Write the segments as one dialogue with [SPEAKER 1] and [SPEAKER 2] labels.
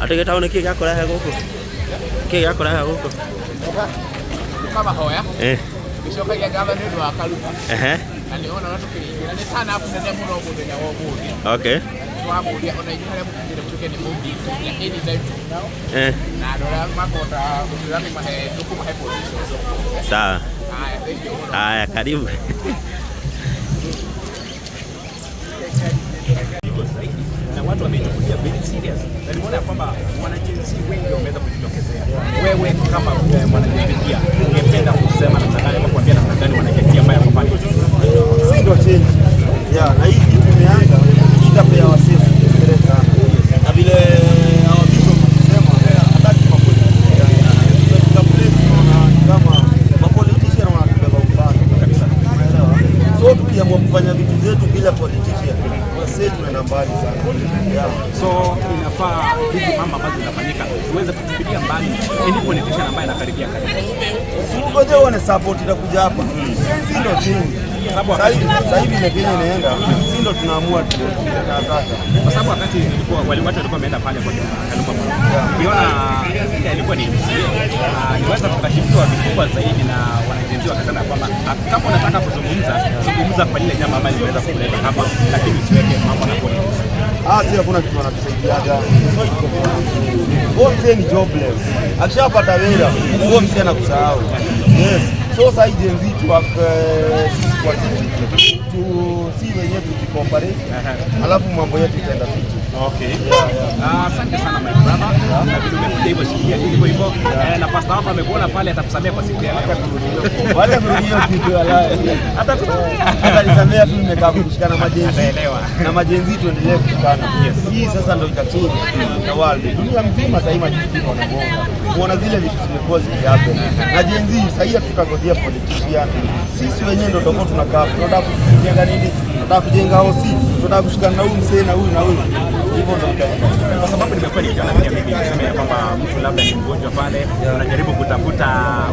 [SPEAKER 1] Atĩ gĩtaũ nĩ kĩĩ gĩakũrehe gũkũ? Kĩĩ gĩakũrehe gũkũ? Ũkamahoya. Eh.
[SPEAKER 2] Gĩcokagia ngatho nĩ ũndũ wa Karuba. Ehe. Na nĩ ona tũkĩringĩra nĩ turn up nene mũno mũthenya wa ũmũthĩ. Okay. Twamũria ona inyuĩ harĩa mũkinyire mũtuĩke nĩ mũndingu na any time now. Eh. Na andũ arĩa makũhota gũtuĩra nĩmahe tũkũmahe positions.
[SPEAKER 1] Sawa. Haya, thank you. Haya, karibu. watu wameichukulia very serious, na nimeona ya kwamba wanajenzi wengi wameweza kujitokezea. Wewe kama eh, mwanajenzi pia ungependa kusema namna gani ama kuambia namna gani wanajenzi ambayo wamefanya ndio change ya na hii
[SPEAKER 3] kitu imeanza kita pia wasifu na vile kwa kweli tukiamua kufanya vitu zetu bila politician basi tunaenda mbali sana. So inafaa hizi mama ambazo zinafanyika uweze kufikiria mbali ili kuonekana ambaye anakaribia karibu.
[SPEAKER 4] Ngoja uone support itakuja hapa. Sisi ndio timu. Sasa hivi ile inaenda, sisi ndio tunaamua tu.
[SPEAKER 3] Kwa sababu wakati nilikuwa wale watu walikuwa wameenda pale kwa Kalumba. Niona ilikuwa ni niweza ah, kukashifiwa vikubwa zaidi na wana wakasema kwamba ah, kama unataka kuzungumza, zungumza kwa ile nyama ambayo imeweza kuleta hapa, lakini usiweke mambo na
[SPEAKER 4] Ah, si hakuna kitu anatusaidiaga. Huo mzee ni jobless. Akishapata wera, huo mzee anakusahau. Yes. So sasa hivi jenzi tu ah, sisi kwa sisi tu si wenyewe tukikoparate. Alafu mambo yetu itaenda vipi?
[SPEAKER 3] Okay. Ah, asante sana my brother baba amekuona pale, atakusamea kwa siku ya leo,
[SPEAKER 4] hata kurudia kitu wala hata kusamea, hata tu. Nimekaa kushikana majenzi na majenzi, tuendelee kushikana. Hii sasa ndio itatuni na world, dunia mzima sasa hivi majenzi wanagonga, kuona zile vitu zimekuwa zikihappen na jenzi. Sasa hivi tutakojea politician, sisi wenyewe ndio tutakuwa tunakaa, tunataka kujenga nini? Tunataka kujenga hosi, tunataka kushikana na huyu msee na huyu na huyu hivyo
[SPEAKER 3] kwa sababu nimekuwa nikiona pia mimi niseme ya kwamba mtu labda ni mgonjwa pale, unajaribu kutafuta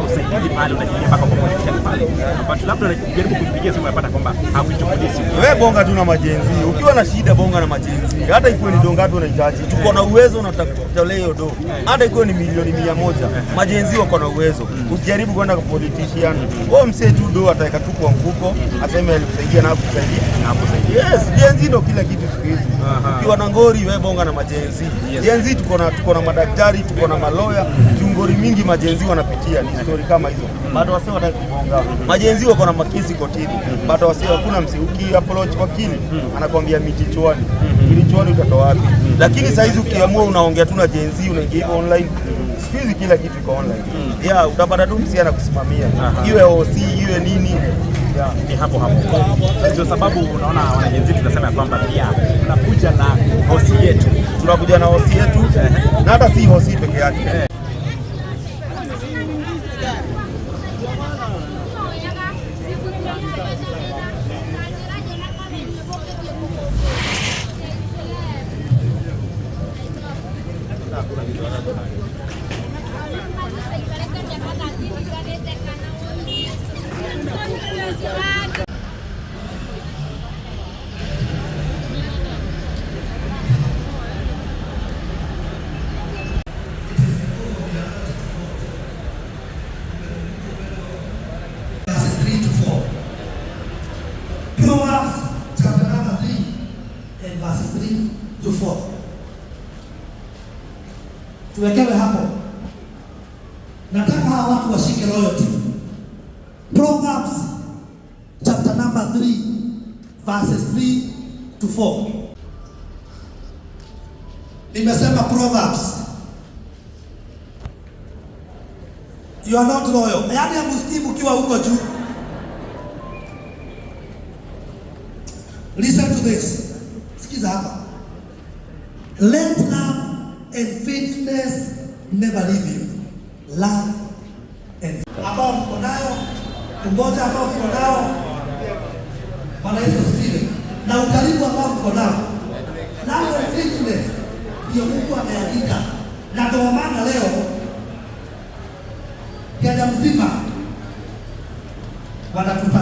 [SPEAKER 3] usaidizi pale, unajaribu mpaka kwa connection pale, but labda unajaribu kupigia simu, unapata kwamba hakuchukulii simu.
[SPEAKER 4] Wewe bonga tu na majenzi, ukiwa na shida bonga na majenzi, hata ikiwa ni dongapi unahitaji, tuko na uwezo, unatolea hiyo do, hata ikiwa ni milioni 100 majenzi wako na uwezo. usijaribu kwenda kwa politician, wewe msee tu do ataweka tu kwa mfuko, aseme alikusaidia na kukusaidia na kukusaidia. Yes, jenzi ndio kila kitu siku hizi, ukiwa na ngori kiungori wewe bonga na majenzi Jenzi tuko na tuko na madaktari tuko na maloya kiungori mingi majenzi wanapitia ni story kama hizo, bado wasio wanataka bonga. Majenzi wako na makesi kotini, bado wasio hakuna msiuki approach wakili mm-hmm. anakwambia miti chuoni. Mm-hmm. miti chuoni utatoa wapi? Lakini saa hizi ukiamua unaongea tu na jenzi unaingia hivyo online mm-hmm. siku hizi kila kitu iko online ya yeah, utapata tu na kusimamia iwe OC iwe nini yeah.
[SPEAKER 3] Ni hapo hapo ndio sababu unaona wanajenzi tunasema kwamba pia kuhusisha na hosi yetu,
[SPEAKER 4] tunakuja na hosi yetu eh, na hata si hosi peke yake. Eh. verse 3 to 4. Tuwekewe hapo, nataka hawa watu washike royalty. Proverbs chapter number 3 verses 3 to 4. Nimesema Proverbs, you are not loyal. Yaani amusikimu ukiwa huko juu. Listen to this. Let love and faithfulness never leave you. Love and ambao mko nao, umoja ambao mko nao, Bwana Yesu asifiwe, na ukaribu ambao mko nao, love and faithfulness ndio Mungu ameandika, na ndio maana leo Kenya mzima wanatupa